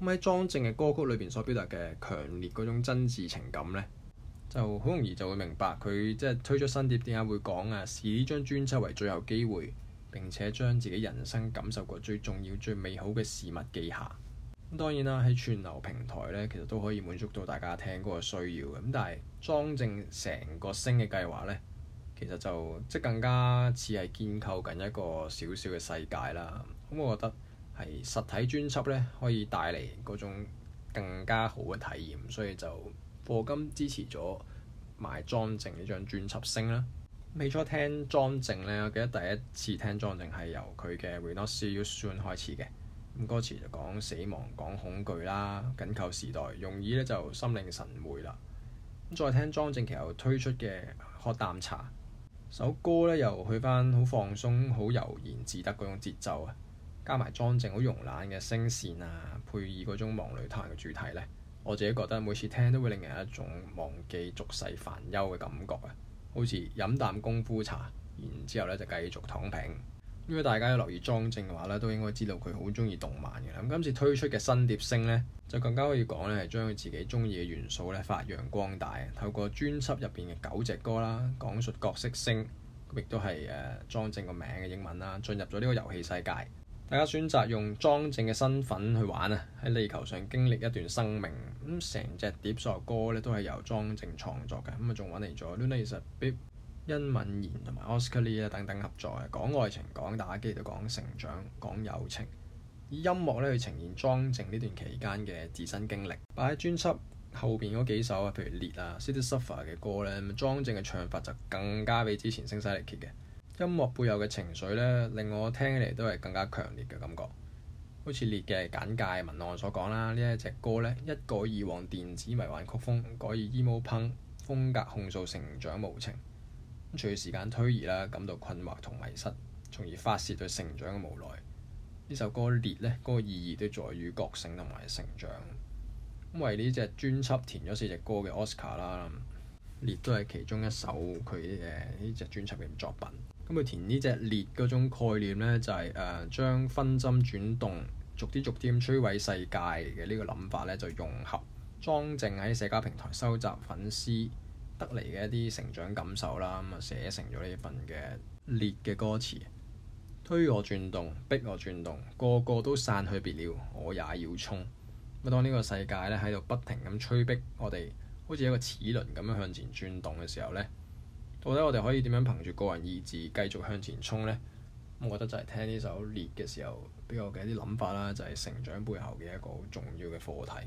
咁喺莊正嘅歌曲裏邊所表達嘅強烈嗰種真摯情感呢，就好容易就會明白佢即係推出新碟點解會講啊，視呢張專輯為最後機會，並且將自己人生感受過最重要、最美好嘅事物記下。咁當然啦，喺串流平台呢，其實都可以滿足到大家聽歌嘅需要嘅。咁但係莊正成個星嘅計劃呢，其實就即更加似係建構緊一個小小嘅世界啦。咁、嗯、我覺得係實體專輯呢，可以帶嚟嗰種更加好嘅體驗，所以就課金支持咗埋莊正呢張專輯聲啦。起初聽莊正呢，我記得第一次聽莊正係由佢嘅《Return to u s o o n》開始嘅。咁歌詞就講死亡、講恐懼啦，緊扣時代，容易呢，就心領神會啦。咁再聽莊正，其後推出嘅《喝啖茶》，首歌呢，又去翻好放鬆、好悠然自得嗰種節奏啊！加埋莊正好慵懶嘅聲線啊，配以嗰種忘累他嘅主題呢，我自己覺得每次聽都會令人一種忘記俗世煩憂嘅感覺啊。好似飲啖功夫茶，然之後呢就繼續躺平。如果大家有留意莊正嘅話呢，都應該知道佢好中意動漫嘅。咁今次推出嘅新碟聲呢，就更加可以講呢係將佢自己中意嘅元素呢發揚光大，透過專輯入邊嘅九隻歌啦，講述角色聲，亦都係誒莊正個名嘅英文啦，進入咗呢個遊戲世界。大家選擇用莊正嘅身份去玩啊，喺地球上經歷一段生命。咁成隻碟所有歌咧都係由莊正創作嘅，咁啊仲揾嚟咗 Lunice、Bib 其實俾殷文豔同埋 Oscar Lee 等等合作，講愛情、講打機、都講成長、講友情。以音樂咧去呈現莊正呢段期間嘅自身經歷。擺喺專輯後邊嗰幾首啊，譬如《裂》啊，《City Suffer》嘅歌咧，莊正嘅唱法就更加比之前聲嘶力竭嘅。音樂背後嘅情緒呢，令我聽起嚟都係更加強烈嘅感覺。好似《裂》嘅簡介文案所講啦，呢一隻歌呢，一個以往電子迷幻曲風改以 emo punk 風格控訴成長無情。隨住時間推移啦，感到困惑同迷失，從而發泄對成長嘅無奈。呢首歌《裂》呢，嗰個意義都在於覺醒同埋成長。因為呢隻專輯填咗四隻歌嘅 Oscar 啦，《裂》都係其中一首佢嘅呢隻專輯嘅作品。咁佢填呢隻裂嗰種概念呢，就係誒將分針轉動，逐啲逐啲咁摧毀世界嘅呢個諗法呢，就融合莊正喺社交平台收集粉絲得嚟嘅一啲成長感受啦，咁啊寫成咗呢份嘅裂嘅歌詞。推我轉動，逼我轉動，個個都散去別了，我也要衝。咁當呢個世界呢，喺度不停咁催逼我哋，好似一個齒輪咁樣向前轉動嘅時候呢。我覺得我哋可以點樣憑住個人意志繼續向前衝呢？我覺得就係聽呢首《裂》嘅時候，俾我嘅一啲諗法啦，就係、是、成長背後嘅一個重要嘅課題。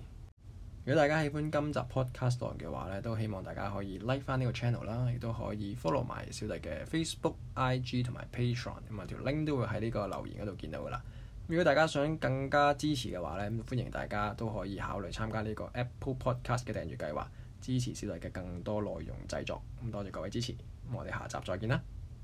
如果大家喜歡今集 Podcast 嘅話呢，都希望大家可以 like 翻呢個 channel 啦，亦都可以 follow 埋小弟嘅 Facebook、IG 同埋 Patreon，咁啊條 link 都會喺呢個留言嗰度見到噶啦。如果大家想更加支持嘅話呢，歡迎大家都可以考慮參加呢個 Apple Podcast 嘅訂閱計劃。支持小弟嘅更多內容製作，咁多謝各位支持，咁我哋下集再見啦。